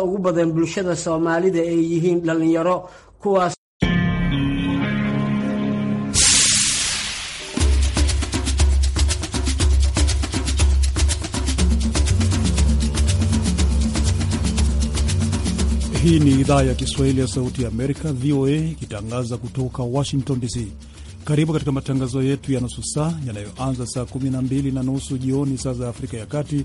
ugu badan bulshada Soomaalida ay yihiin dhalinyaro kuwaas Hii ni idhaa ya Kiswahili ya Sauti ya Amerika, VOA, ikitangaza kutoka Washington DC. Karibu katika matangazo yetu ya nusu saa yanayoanza saa 12 na nusu jioni saa za Afrika ya Kati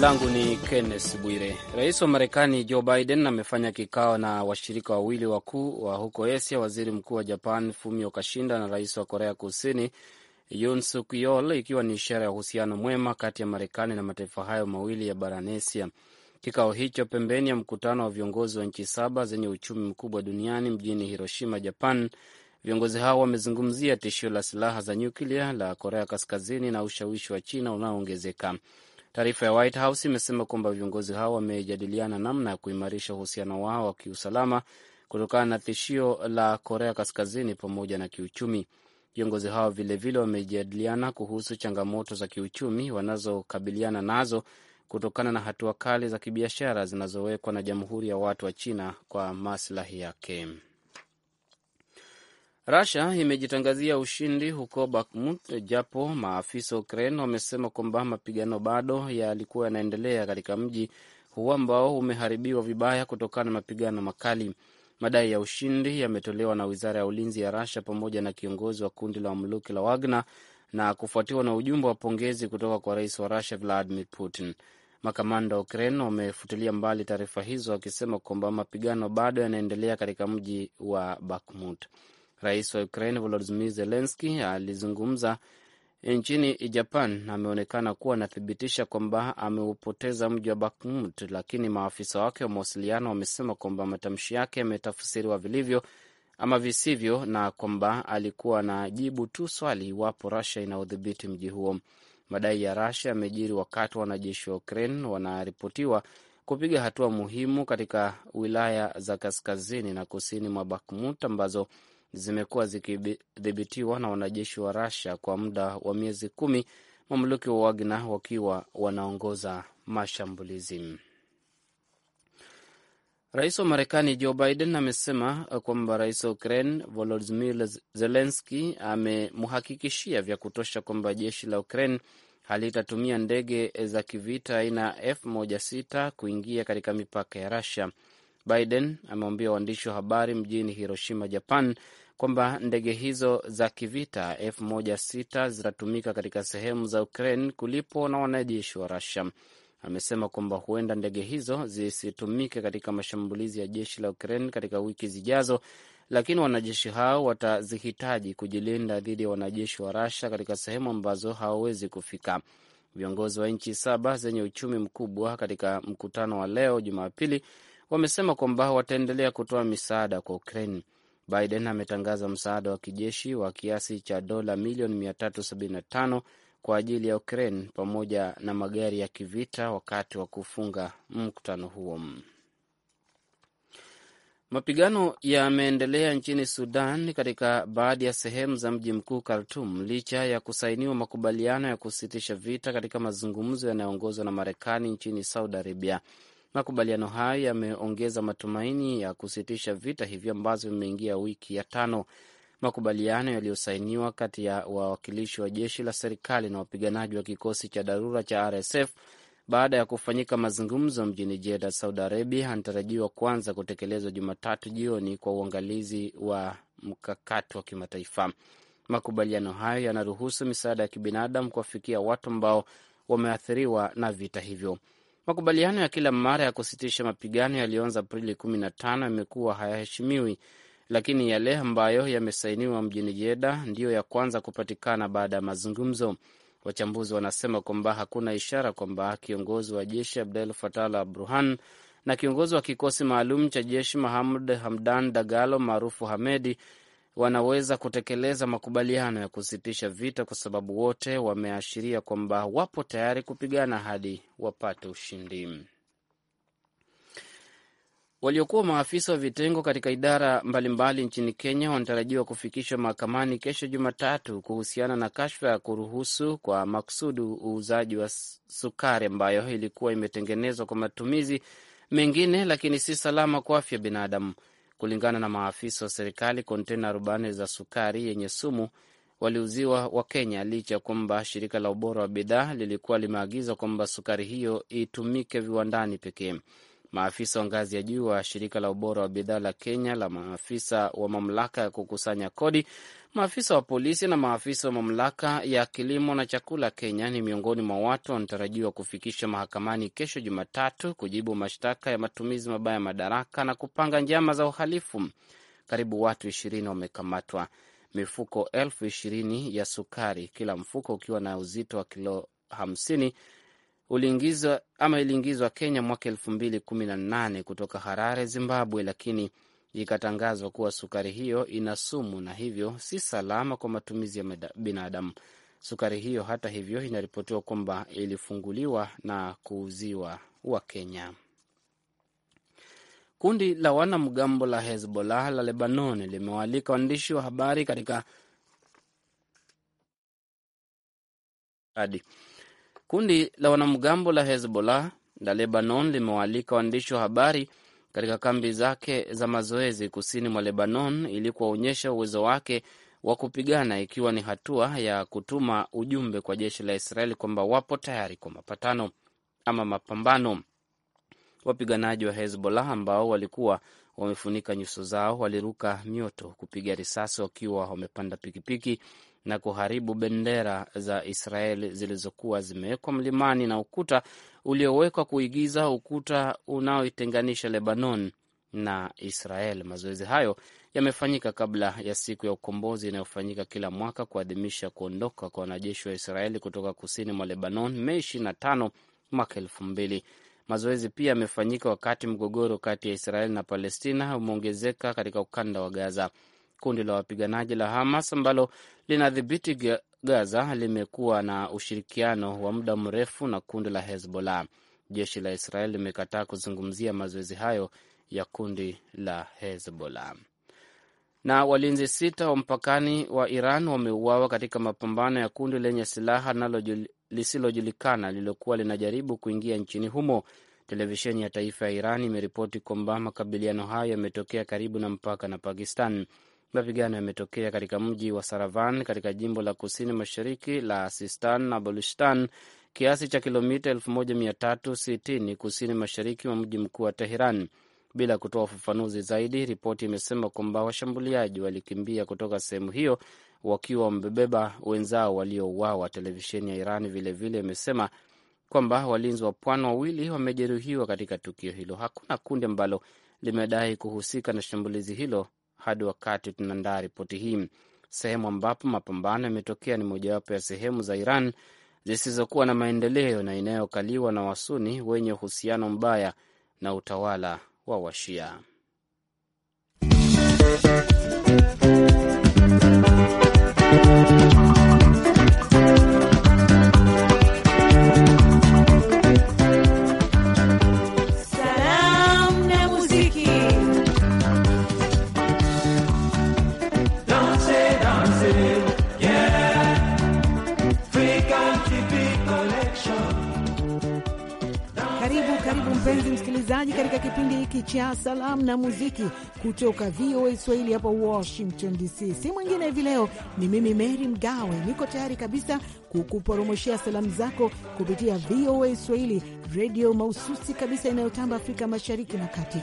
langu ni Kenneth Bwire. Rais wa Marekani Joe Biden amefanya kikao na washirika wawili wakuu wa huko Asia, waziri mkuu wa Japan Fumio Kishida na rais wa Korea Kusini Yoon Suk Yeol, ikiwa ni ishara ya uhusiano mwema kati ya Marekani na mataifa hayo mawili ya barani Asia. Kikao hicho pembeni ya mkutano wa viongozi wa nchi saba zenye uchumi mkubwa duniani mjini Hiroshima, Japan. Viongozi hao wamezungumzia tishio la silaha za nyuklia la Korea Kaskazini na ushawishi wa China unaoongezeka. Taarifa ya White House imesema kwamba viongozi hao wamejadiliana namna ya kuimarisha uhusiano wao wa kiusalama kutokana na tishio la Korea Kaskazini pamoja na kiuchumi. Viongozi hao vilevile wamejadiliana kuhusu changamoto za kiuchumi wanazokabiliana nazo kutokana na hatua kali za kibiashara zinazowekwa na Jamhuri ya Watu wa China kwa maslahi yake. Russia imejitangazia ushindi huko Bakhmut, japo maafisa wa Ukraine wamesema kwamba mapigano bado yalikuwa yanaendelea katika mji huo ambao umeharibiwa vibaya kutokana na mapigano makali. Madai ya ushindi yametolewa na wizara ya ulinzi ya rasia pamoja na kiongozi wa kundi la mamluki la Wagner na kufuatiwa na ujumbe wa pongezi kutoka kwa rais wa Rusia Vladimir Putin. Makamanda wa Ukraine wamefutilia mbali taarifa hizo, wakisema kwamba mapigano bado yanaendelea katika mji wa Bakhmut. Rais wa Ukraine Volodymyr Zelensky alizungumza nchini Japan ameonekana kuwa anathibitisha kwamba ameupoteza mji wa Bakhmut, lakini maafisa wake wa mawasiliano wamesema kwamba matamshi yake yametafsiriwa vilivyo ama visivyo, na kwamba alikuwa anajibu tu swali iwapo rasia inaodhibiti mji huo. Madai ya Russia yamejiri wakati wanajeshi wa Ukraine wanaripotiwa kupiga hatua muhimu katika wilaya za kaskazini na kusini mwa Bakhmut ambazo zimekuwa zikidhibitiwa na wanajeshi wa Russia kwa muda wa miezi kumi, mamluki wa wagna wakiwa wanaongoza mashambulizi. Rais wa Marekani Joe Biden amesema kwamba rais wa Ukraine Volodimir Zelenski amemhakikishia vya kutosha kwamba jeshi la Ukraine halitatumia ndege za kivita aina F16 kuingia katika mipaka ya Rusia Biden amewambia waandishi wa habari mjini Hiroshima, Japan, kwamba ndege hizo za kivita F16 zitatumika katika sehemu za Ukraine kulipo na wanajeshi wa Rusia. Amesema kwamba huenda ndege hizo zisitumike katika mashambulizi ya jeshi la Ukraine katika wiki zijazo, lakini wanajeshi hao watazihitaji kujilinda dhidi ya wanajeshi wa Rusia katika sehemu ambazo hawawezi kufika. Viongozi wa nchi saba zenye uchumi mkubwa katika mkutano wa leo Jumapili wamesema kwamba wataendelea kutoa misaada kwa Ukraine. Biden ametangaza msaada wa kijeshi wa kiasi cha dola milioni 375 kwa ajili ya Ukraine pamoja na magari ya kivita wakati wa kufunga mkutano huo. Mapigano yameendelea nchini Sudan katika baadhi ya sehemu za mji mkuu Khartum licha ya kusainiwa makubaliano ya kusitisha vita katika mazungumzo yanayoongozwa na Marekani nchini Saudi Arabia. Makubaliano hayo yameongeza matumaini ya kusitisha vita hivyo ambavyo vimeingia wiki ya tano. Makubaliano yaliyosainiwa kati ya wawakilishi wa jeshi la serikali na wapiganaji wa kikosi cha dharura cha RSF baada ya kufanyika mazungumzo mjini Jeda, Saudi Arabia, anatarajiwa kuanza kutekelezwa Jumatatu jioni kwa uangalizi wa mkakati wa kimataifa. Makubaliano hayo yanaruhusu misaada ya kibinadamu kuwafikia watu ambao wameathiriwa na vita hivyo. Makubaliano ya kila mara ya kusitisha mapigano yaliyoanza Aprili 15 yamekuwa hayaheshimiwi, lakini yale ambayo yamesainiwa mjini Jeda ndiyo ya kwanza kupatikana baada ya mazungumzo. Wachambuzi wanasema kwamba hakuna ishara kwamba kiongozi wa jeshi Abdel Fattah al-Burhan na kiongozi wa kikosi maalum cha jeshi Mahamud Hamdan Dagalo maarufu Hamedi wanaweza kutekeleza makubaliano ya kusitisha vita kwa sababu wote wameashiria kwamba wapo tayari kupigana hadi wapate ushindi. Waliokuwa maafisa wa vitengo katika idara mbalimbali nchini Kenya wanatarajiwa kufikishwa mahakamani kesho Jumatatu kuhusiana na kashfa ya kuruhusu kwa maksudu uuzaji wa sukari ambayo ilikuwa imetengenezwa kwa matumizi mengine, lakini si salama kwa afya binadamu. Kulingana na maafisa wa serikali, kontena 40 za sukari yenye sumu waliuziwa wa kenya licha ya kwamba shirika la ubora wa bidhaa lilikuwa limeagiza kwamba sukari hiyo itumike viwandani pekee. Maafisa wa ngazi ya juu wa shirika la ubora wa bidhaa la Kenya, la maafisa wa mamlaka ya kukusanya kodi, maafisa wa polisi na maafisa wa mamlaka ya kilimo na chakula Kenya ni miongoni mwa watu wanatarajiwa kufikisha mahakamani kesho Jumatatu kujibu mashtaka ya matumizi mabaya ya madaraka na kupanga njama za uhalifu. Karibu watu ishirini wamekamatwa. Mifuko elfu ishirini ya sukari, kila mfuko ukiwa na uzito wa kilo hamsini uliingizwa ama iliingizwa Kenya mwaka elfu mbili kumi na nane kutoka Harare, Zimbabwe, lakini ikatangazwa kuwa sukari hiyo ina sumu na hivyo si salama kwa matumizi ya binadamu. Sukari hiyo hata hivyo inaripotiwa kwamba ilifunguliwa na kuuziwa wa kenya Kundi la wanamgambo la Hezbollah la Lebanon limewaalika waandishi wa habari katika Kundi la wanamgambo la Hezbollah la Lebanon limewaalika waandishi wa habari katika kambi zake za mazoezi kusini mwa Lebanon ili kuwaonyesha uwezo wake wa kupigana, ikiwa ni hatua ya kutuma ujumbe kwa jeshi la Israeli kwamba wapo tayari kwa mapatano ama mapambano. Wapiganaji wa Hezbollah ambao walikuwa wamefunika nyuso zao, waliruka mioto, kupiga risasi wakiwa wamepanda pikipiki na kuharibu bendera za israel zilizokuwa zimewekwa mlimani na ukuta uliowekwa kuigiza ukuta unaoitenganisha Lebanon na Israel. Mazoezi hayo yamefanyika kabla ya siku ya ukombozi inayofanyika kila mwaka kuadhimisha kuondoka kwa wanajeshi wa Israeli kutoka kusini mwa Lebanon Mei 25 mwaka elfu mbili Mazoezi pia yamefanyika wakati mgogoro kati ya Israeli na Palestina umeongezeka katika ukanda wa Gaza. Kundi la wapiganaji la Hamas ambalo linadhibiti Gaza limekuwa na ushirikiano wa muda mrefu na kundi la Hezbollah. Jeshi la Israeli limekataa kuzungumzia mazoezi hayo ya kundi la Hezbollah. Na walinzi sita wa mpakani wa Iran wameuawa katika mapambano ya kundi lenye silaha lisilojulikana lililokuwa linajaribu kuingia nchini humo. Televisheni ya taifa ya Iran imeripoti kwamba makabiliano hayo yametokea karibu na mpaka na Pakistan. Mapigano yametokea katika mji wa Saravan katika jimbo la kusini mashariki la Sistan na Baluchistan, kiasi cha kilomita 1360 kusini mashariki mwa mji mkuu wa Teheran. Bila kutoa ufafanuzi zaidi, ripoti imesema kwamba washambuliaji walikimbia kutoka sehemu hiyo wakiwa wamebeba wenzao waliouawa. Televisheni ya Iran vilevile imesema vile kwamba walinzi wa pwani wawili wamejeruhiwa katika tukio hilo. Hakuna kundi ambalo limedai kuhusika na shambulizi hilo hadi wakati tunaandaa ripoti hii. Sehemu ambapo mapambano yametokea ni mojawapo ya sehemu za Iran zisizokuwa na maendeleo na inayokaliwa na Wasuni wenye uhusiano mbaya na utawala wa Washia. hiki cha salamu na muziki kutoka VOA Swahili hapa Washington DC. Si mwingine hivi leo ni mimi mery Mgawe, niko tayari kabisa kukuporomoshea salamu zako kupitia VOA Swahili, redio mahususi kabisa inayotamba Afrika Mashariki na Kati.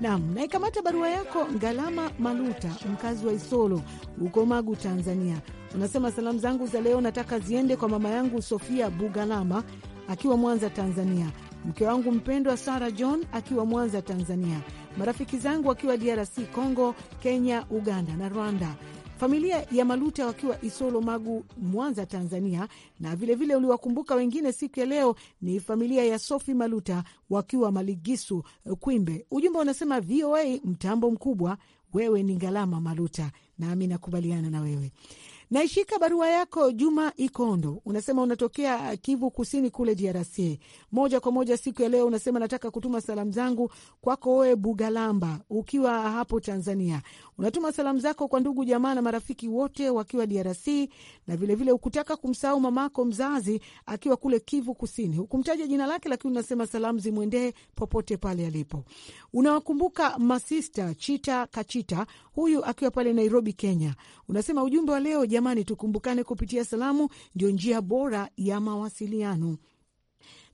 Nam, naikamata barua yako Ngalama Maluta, mkazi wa Isolo huko Magu, Tanzania. Unasema salamu zangu za leo nataka ziende kwa mama yangu Sofia Bugalama akiwa Mwanza, Tanzania mke wangu mpendwa Sara John akiwa Mwanza, Tanzania, marafiki zangu wakiwa DRC Congo, Kenya, Uganda na Rwanda, familia ya Maluta wakiwa Isolo Magu, Mwanza, Tanzania, na vilevile uliwakumbuka wengine siku ya leo ni familia ya Sofi Maluta wakiwa Maligisu Kwimbe. Ujumbe unasema VOA mtambo mkubwa, wewe ni Ngalama Maluta, nami nakubaliana na wewe. Naishika barua yako Juma Ikondo, unasema unatokea Kivu Kusini kule DRC. Moja kwa moja siku ya leo unasema nataka kutuma salamu zangu kwako wewe Bugalamba, ukiwa hapo Tanzania. Unatuma salamu zako kwa ndugu jamaa na marafiki wote wakiwa DRC, na vilevile ukutaka kumsahau mamako mzazi akiwa kule Kivu Kusini. Hukumtaja jina lake, lakini unasema salamu zimwendee popote pale alipo. Unawakumbuka masista Chita Kachita, huyu akiwa pale Nairobi, Kenya. Unasema ujumbe wa leo jamani, tukumbukane kupitia salamu, ndio njia bora ya mawasiliano.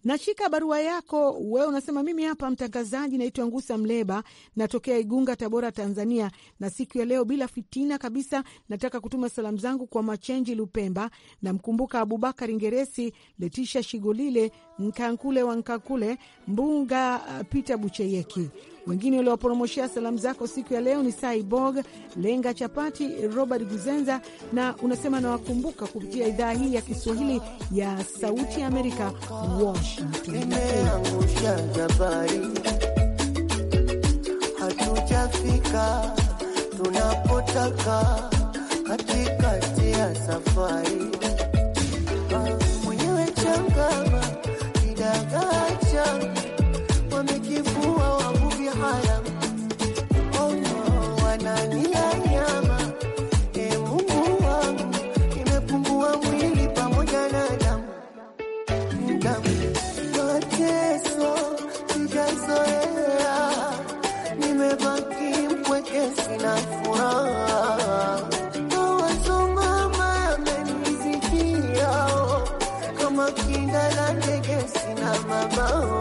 Nashika barua yako wewe, unasema mimi hapa mtangazaji, naitwa Ngusa Mleba, natokea Igunga, Tabora, Tanzania, na siku ya leo bila fitina kabisa, nataka kutuma salamu zangu kwa Machenji Lupemba, namkumbuka Abubakari Ngeresi, Letisha Shigolile, Nkankule wa Nkankule, Mbunga uh, Peter Bucheyeki. Wengine waliwaporomoshea salamu zako siku ya leo ni Saibog Lenga Chapati, Robert Guzenza, na unasema nawakumbuka kupitia idhaa hii ya Kiswahili ya Sauti ya Amerika, Washington nimeangusha safari, hatujafika tunapotaka katikati ya safari. Ah, mwenyewe changama kidagaa changa yake sina furaha, kama kinda la ndege sina mabawa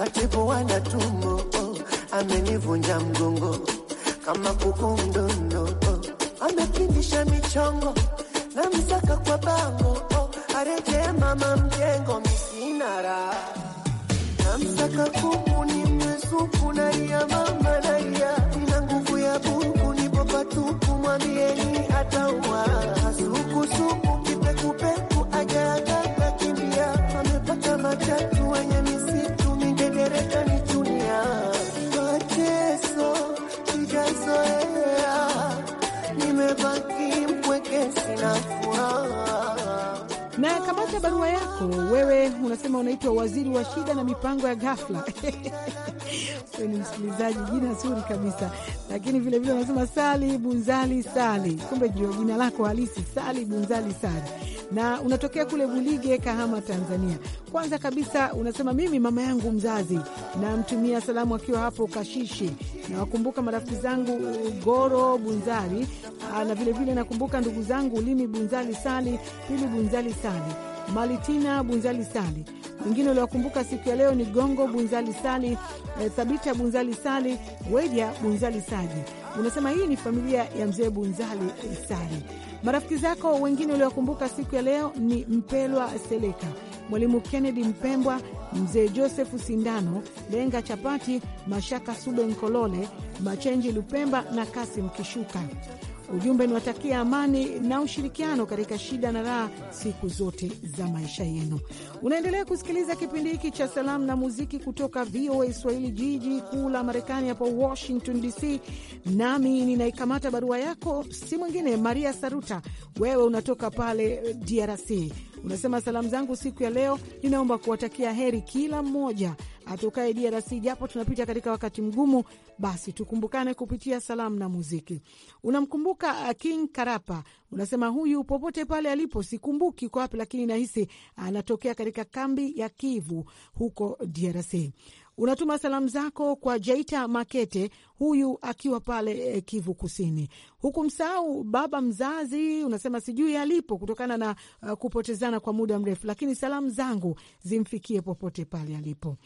katibu wana tumo oh, amenivunja mgongo kama kuku mdondo oh, amepindisha michongo na msaka kwa bango oh, arejee mama mjengo misinara na msaka kuku ni mwesuku na ria mama na ria ina nguvu ya buku nipo patupu mwambieni ataua hasukusuku kipekupeku ajabu Wewe unasema unaitwa waziri wa shida na mipango ya ghafla. ni msikilizaji, jina zuri kabisa, lakini vilevile unasema Sali Bunzali Sali, kumbe jua jina lako halisi Sali Bunzali Sali na unatokea kule Bulige, Kahama, Tanzania. Kwanza kabisa unasema mimi mama yangu mzazi namtumia salamu akiwa hapo Kashishi, nawakumbuka marafiki zangu Goro Bunzali ah, na vilevile nakumbuka ndugu zangu Limi Bunzali Sali, Limi Bunzali Sali Malitina Bunzali Sali. Wengine uliwakumbuka siku ya leo ni Gongo Bunzali Sali, e, Thabita Bunzali Sali, Wedia Bunzali Saji. Unasema hii ni familia ya mzee Bunzali Sali. Marafiki zako wengine uliwakumbuka siku ya leo ni Mpelwa Seleka, Mwalimu Kennedy Mpembwa, Mzee Josefu Sindano, Lenga Chapati, Mashaka Sube Nkolole, Machenji Lupemba na Kasim Kishuka. Ujumbe niwatakia amani na ushirikiano katika shida na raha siku zote za maisha yenu. Unaendelea kusikiliza kipindi hiki cha salamu na muziki kutoka VOA Swahili, jiji kuu la Marekani hapa Washington DC. Nami ninaikamata barua yako, si mwingine Maria Saruta, wewe unatoka pale DRC Unasema salamu zangu siku ya leo, ninaomba kuwatakia heri kila mmoja atokaye DRC, japo tunapita katika wakati mgumu, basi tukumbukane kupitia salamu na muziki. Unamkumbuka uh, King Karapa, unasema huyu popote pale alipo sikumbuki kwa wapi, lakini nahisi anatokea katika kambi ya Kivu huko DRC. Unatuma salamu zako kwa Jaita Makete, huyu akiwa pale eh, Kivu Kusini. huku msahau baba mzazi, unasema sijui alipo kutokana na uh, kupotezana kwa muda mrefu, lakini salamu zangu zimfikie popote pale alipo.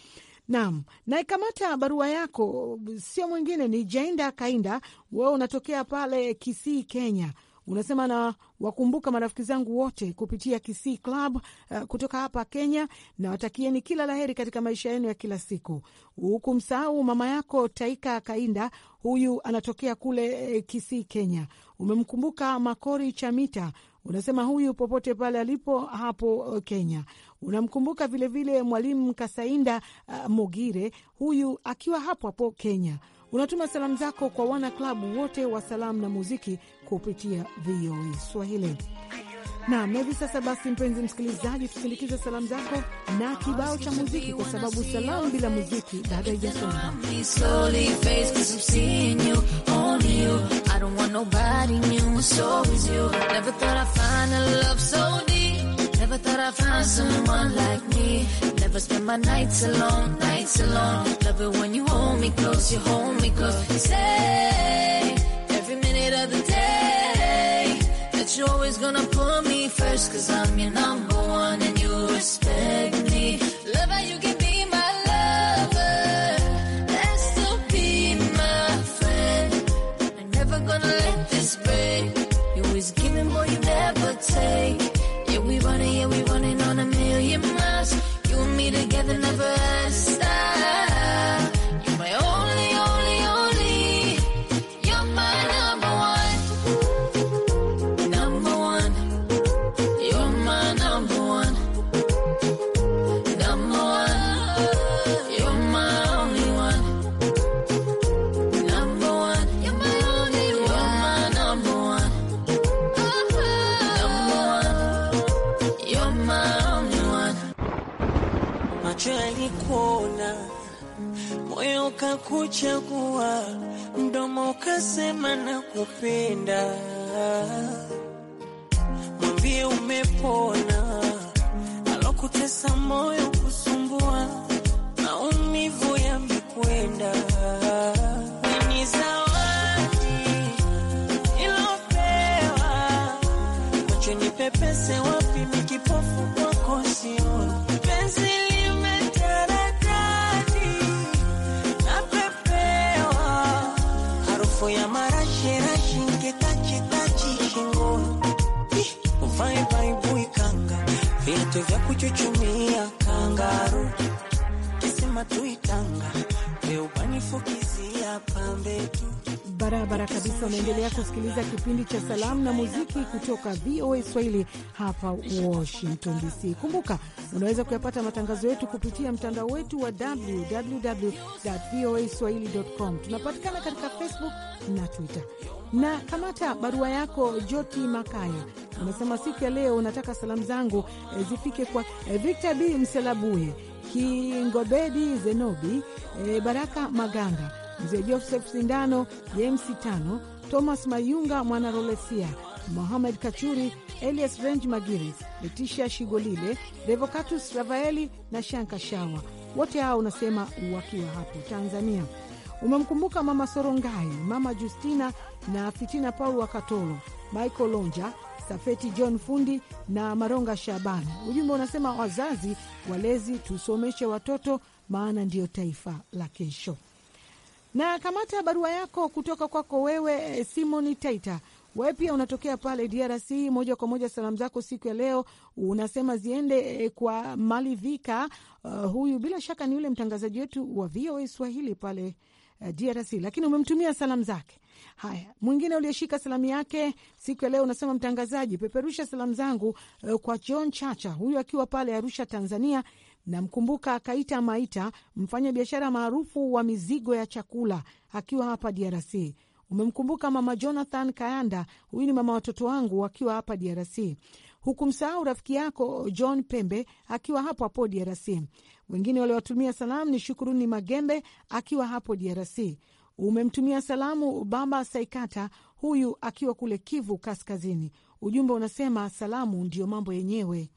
Naam, naikamata barua yako, sio mwingine ni Jainda Kainda, wewe unatokea pale Kisii, Kenya. Unasema na wakumbuka marafiki zangu wote kupitia Kisii Club uh, kutoka hapa Kenya, na watakieni kila laheri katika maisha yenu ya kila siku, huku msahau mama yako Taika Kainda, huyu anatokea kule eh, Kisii, Kenya. Umemkumbuka Makori Chamita, unasema huyu popote pale alipo hapo eh, Kenya. Unamkumbuka vilevile Mwalimu Kasainda uh, Mogire, huyu akiwa hapo hapo Kenya. Unatuma salamu zako kwa wanaklabu wote wa salamu na muziki kupitia VOA e Swahili. Nam, hivi sasa basi, mpenzi msikilizaji, tusindikize salamu zako na kibao cha muziki, kwa sababu salamu bila muziki bado haijasonga. never spend my nights alone, nights alone. Love it when you hold me close, you hold me close. You say every minute of the day that you're always gonna put me first, cause I'm your number one and you respect wiki kutoka VOA Swahili hapa Washington DC. Kumbuka unaweza kuyapata matangazo yetu kupitia mtandao wetu wa www voa swahili.com. Tunapatikana katika Facebook na Twitter na kamata barua yako Joti Makaya amesema siku ya leo unataka salamu zangu eh, zifike kwa eh, Victor B Mselabuye, Kingobedi Zenobi, eh, Baraka Maganga, Mzee Joseph Sindano, James Tano, Thomas Mayunga, Mwanarolesia Mohamed Kachuri, Elias Range Magiri, Letisha Shigolile, Revocatus Ravaeli na Shanka Shawa, wote hao unasema wakiwa hapo Tanzania. Umemkumbuka Mama Sorongai, Mama Justina na Fitina Paul Wakatolo, Michael Lonja, Safeti John Fundi na Maronga Shabani. Ujumbe unasema wazazi walezi, tusomeshe watoto, maana ndiyo taifa la kesho. Na kamata barua yako kutoka kwako wewe eh, Simoni Taita We pia unatokea pale DRC moja kwa moja, salamu zako siku ya leo unasema ziende eh, kwa Malivika. Uh, huyu bila shaka ni yule mtangazaji wetu wa VOA Swahili pale eh, DRC, lakini umemtumia salamu zake. Haya, mwingine uliyeshika salamu yake siku ya leo unasema, mtangazaji, peperusha salamu zangu uh, kwa John Chacha, huyu akiwa pale Arusha, Tanzania. Namkumbuka Kaita Maita, mfanya biashara maarufu wa mizigo ya chakula akiwa hapa DRC. Umemkumbuka Mama Jonathan Kayanda, huyu ni mama watoto wangu wakiwa hapa DRC. huku msahau rafiki yako John Pembe akiwa hapo hapo DRC. Wengine waliwatumia salamu ni Shukuruni Magembe akiwa hapo DRC. Umemtumia salamu Baba Saikata, huyu akiwa kule Kivu Kaskazini. Ujumbe unasema salamu ndiyo mambo yenyewe.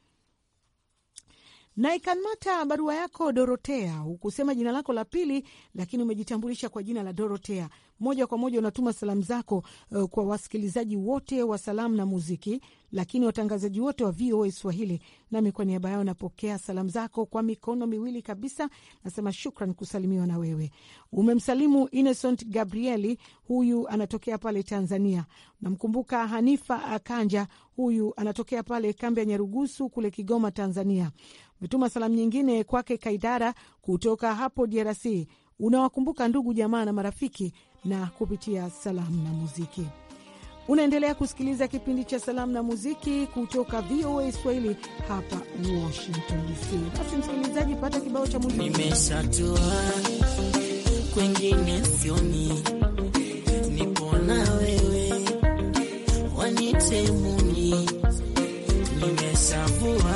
Na ikanmata barua yako Dorotea, hukusema jina lako la pili, lakini umejitambulisha kwa jina la Dorotea moja kwa moja unatuma salamu zako uh, kwa wasikilizaji wote wa salamu na muziki, lakini watangazaji wote wa VOA Swahili. Nami kwa niaba yao napokea salamu zako kwa mikono miwili kabisa, nasema shukran kusalimiwa na wewe. Umemsalimu Innocent Gabrieli, huyu anatokea pale Tanzania. Namkumbuka Hanifa Akanja, huyu anatokea pale kambi ya Nyarugusu kule Kigoma, Tanzania. Umetuma salamu nyingine kwake Kaidara kutoka hapo DRC. Unawakumbuka ndugu jamaa na marafiki na kupitia salamu na muziki. Unaendelea kusikiliza kipindi cha salamu na muziki kutoka VOA Swahili hapa Washington DC. Basi msikilizaji, pata kibao cha muziki. Nimeshatua kwengine sioni, nipona wewe wanitemuni nimeshavua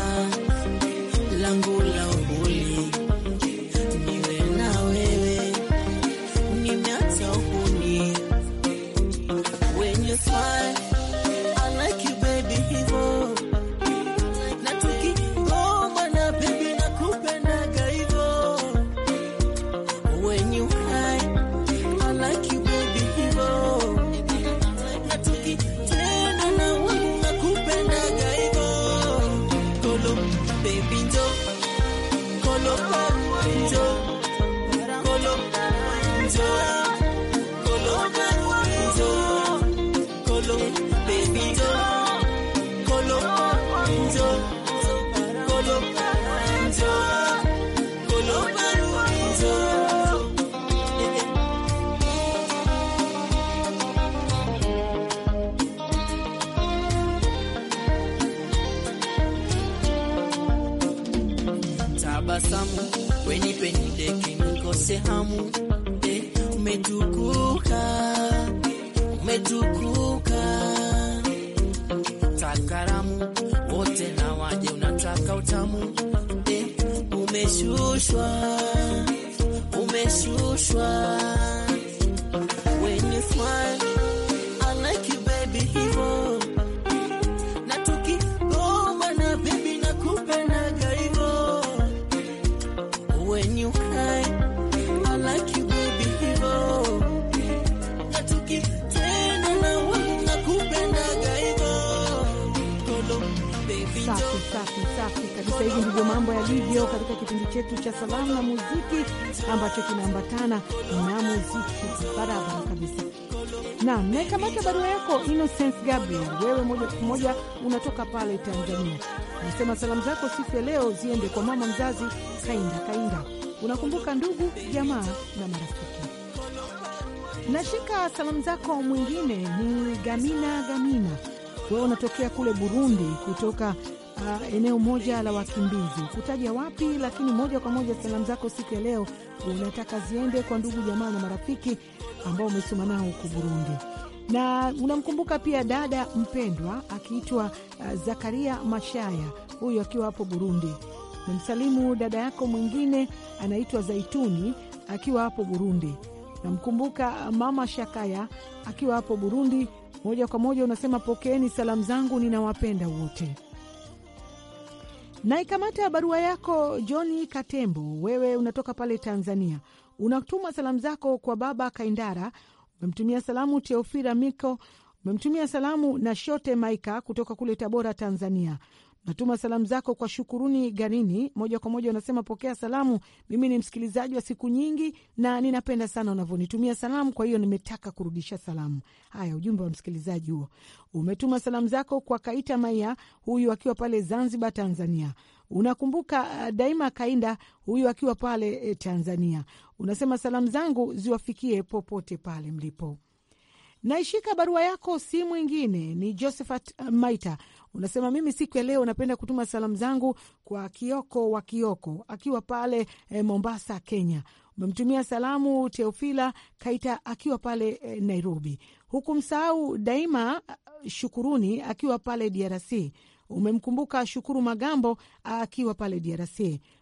karamu wote na waje, unataka utamu eh, umeshushwa umeshushwa wenye fun sasa hivi ndivyo mambo yalivyo katika kipindi chetu cha salamu na muziki ambacho kinaambatana na muziki barabara kabisa. Naam, naikamata barua yako Innocence Gabriel, wewe moja kwa moja unatoka pale Tanzania. Nasema salamu zako siku ya leo ziende kwa mama mzazi Kainda Kainda, unakumbuka ndugu jamaa na marafiki. Nashika salamu zako mwingine ni Gamina Gamina, wewe unatokea kule Burundi, kutoka uh, eneo moja la wakimbizi, kutaja wapi, lakini moja kwa moja salamu zako siku ya leo unataka ziende kwa ndugu jamaa na marafiki ambao umesoma nao huko Burundi, na unamkumbuka pia dada mpendwa akiitwa uh, Zakaria Mashaya, huyu akiwa hapo Burundi. Namsalimu dada yako mwingine anaitwa Zaituni akiwa hapo Burundi. Namkumbuka uh, mama Shakaya akiwa hapo Burundi. Moja kwa moja unasema pokeeni salamu zangu, ninawapenda wote. Naikamata barua yako Johni Katembo, wewe unatoka pale Tanzania, unatuma salamu zako kwa baba Kaindara, umemtumia salamu Teofira Miko, umemtumia salamu na Shote Maika kutoka kule Tabora, Tanzania. Natuma salamu zako kwa Shukuruni Garini moja kwa moja, unasema pokea salamu. Mimi ni msikilizaji wa siku nyingi na ninapenda sana unavyonitumia salamu, kwa hiyo nimetaka kurudisha salamu. Haya, ujumbe wa msikilizaji huo. Umetuma salamu zako kwa Kaita Maia, huyu akiwa pale Zanzibar, Tanzania. Unakumbuka uh, Daima Kainda, huyu akiwa pale eh, Tanzania. Unasema salamu zangu ziwafikie popote pale mlipo. Naishika barua yako, si mwingine ni Josephat uh, Maita. Unasema mimi siku ya leo napenda kutuma salamu zangu kwa Kioko wa Kioko akiwa pale e, Mombasa, Kenya. Umemtumia salamu Teofila Kaita akiwa pale e, Nairobi, huku msahau Daima uh, Shukuruni akiwa pale DRC. Umemkumbuka Shukuru Magambo akiwa pale DRC.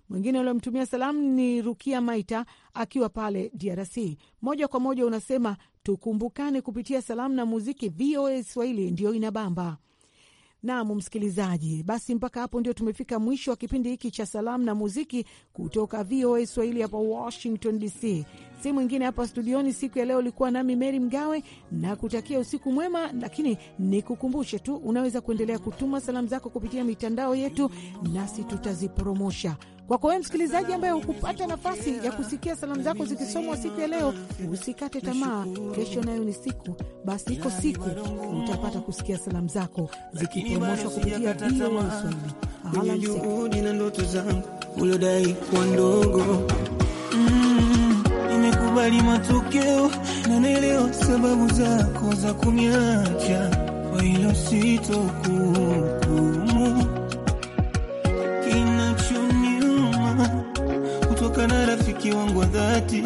Mwingine uliomtumia salamu ni Rukia Maita akiwa pale DRC. Moja kwa moja unasema tukumbukane kupitia salamu na muziki. VOA Swahili ndiyo inabamba. Nam msikilizaji, basi mpaka hapo ndio tumefika mwisho wa kipindi hiki cha salamu na muziki kutoka VOA Swahili hapa Washington DC. Si mwingine hapa studioni siku ya leo ulikuwa nami Meri Mgawe na kutakia usiku mwema, lakini nikukumbushe tu, unaweza kuendelea kutuma salamu zako kupitia mitandao yetu, nasi tutaziporomosha Kwako wewe msikilizaji ambaye hukupata nafasi ya kusikia salamu zako zikisomwa siku ya leo, usikate tamaa. Kesho nayo ni siku, basi iko siku utapata kusikia salamu zako zikipromoshwa kupitia VOA Swahili. Juhudi na ndoto zangu uliodai kwa ndogo, mm, nimekubali matokeo na naelewa sababu zako za kuniacha, kwa hilo sitokuwa urafiki wangu dhati,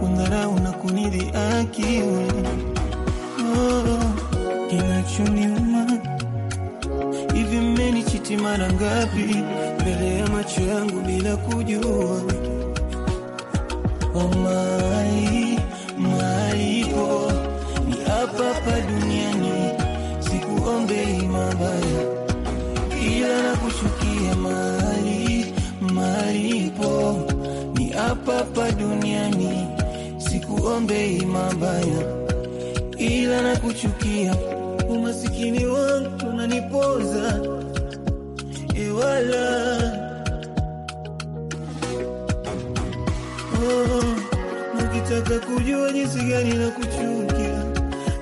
kundharau na kunidhihaki wewe. Oh, kinachoniuma hivi, mmenichiti mara ngapi mbele ya macho yangu bila kujua. Oh, malipo oh, ni hapa hapa duniani, sikuombei mabaya, ila nakuchukia mahali mali hapa pa duniani, sikuombei mabaya, ila nakuchukia. Umasikini wangu unanipoza ewala, oh, kujua jinsi gani na kuchukia,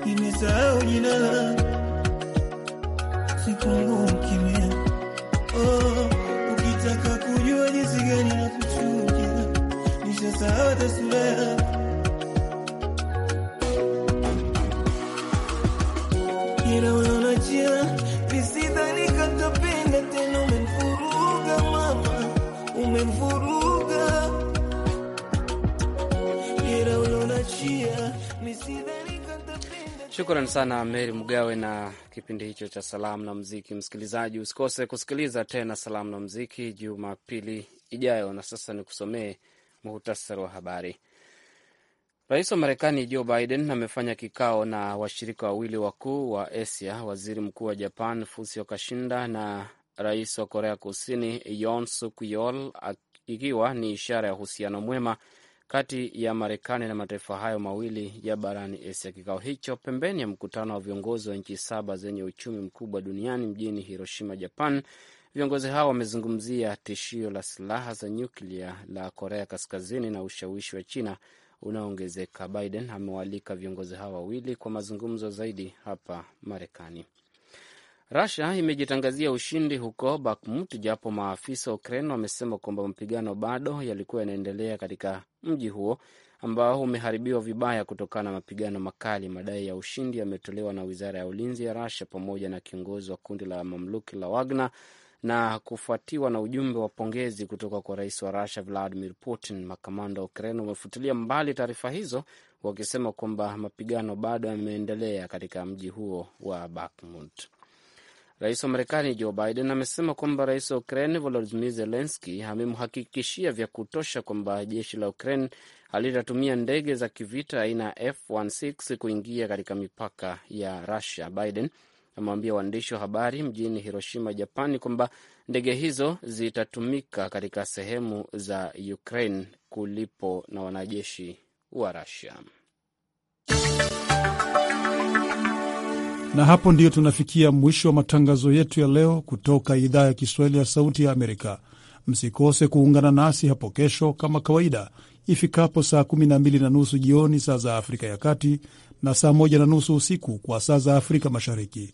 nimesahau jina la siku Shukran sana Meri Mgawe na kipindi hicho cha salamu na mziki. Msikilizaji, usikose kusikiliza tena salamu na mziki Jumapili ijayo. Na sasa nikusomee Muhtasari wa habari. Rais wa Marekani Joe Biden amefanya kikao na washirika wawili wakuu wa Asia, waziri mkuu wa Japan Fumio Kishida na rais wa Korea Kusini Yoon Suk Yeol, ikiwa ni ishara ya uhusiano mwema kati ya Marekani na mataifa hayo mawili ya barani Asia. Kikao hicho pembeni ya mkutano wa viongozi wa nchi saba zenye uchumi mkubwa duniani mjini Hiroshima, Japan, Viongozi hao wamezungumzia tishio la silaha za nyuklia la Korea Kaskazini na ushawishi wa China unaoongezeka. Biden amewaalika viongozi hao wawili kwa mazungumzo zaidi hapa Marekani. Rusia imejitangazia ushindi huko Bakhmut, japo maafisa wa Ukraine wamesema kwamba mapigano bado yalikuwa yanaendelea katika mji huo ambao umeharibiwa vibaya kutokana na mapigano makali. Madai ya ushindi yametolewa na wizara ya ulinzi ya Rusia pamoja na kiongozi wa kundi la mamluki la Wagner na kufuatiwa na ujumbe wa pongezi kutoka kwa rais wa Rusia Vladimir Putin. Makamanda wa Ukraine wamefutilia mbali taarifa hizo wakisema kwamba mapigano bado yameendelea katika mji huo wa Bakhmut. Rais wa Marekani Joe Biden amesema kwamba rais wa Ukraine Volodimir Zelenski amemhakikishia vya kutosha kwamba jeshi la Ukraine halitatumia ndege za kivita aina ya F16 kuingia katika mipaka ya Rusia. Biden amewaambia waandishi wa habari mjini Hiroshima, Japani, kwamba ndege hizo zitatumika katika sehemu za Ukraine kulipo na wanajeshi wa Rusia. Na hapo ndiyo tunafikia mwisho wa matangazo yetu ya leo kutoka idhaa ya Kiswahili ya Sauti ya Amerika. Msikose kuungana nasi hapo kesho kama kawaida ifikapo saa 12 na nusu jioni saa za Afrika ya Kati na saa 1 na nusu usiku kwa saa za Afrika Mashariki.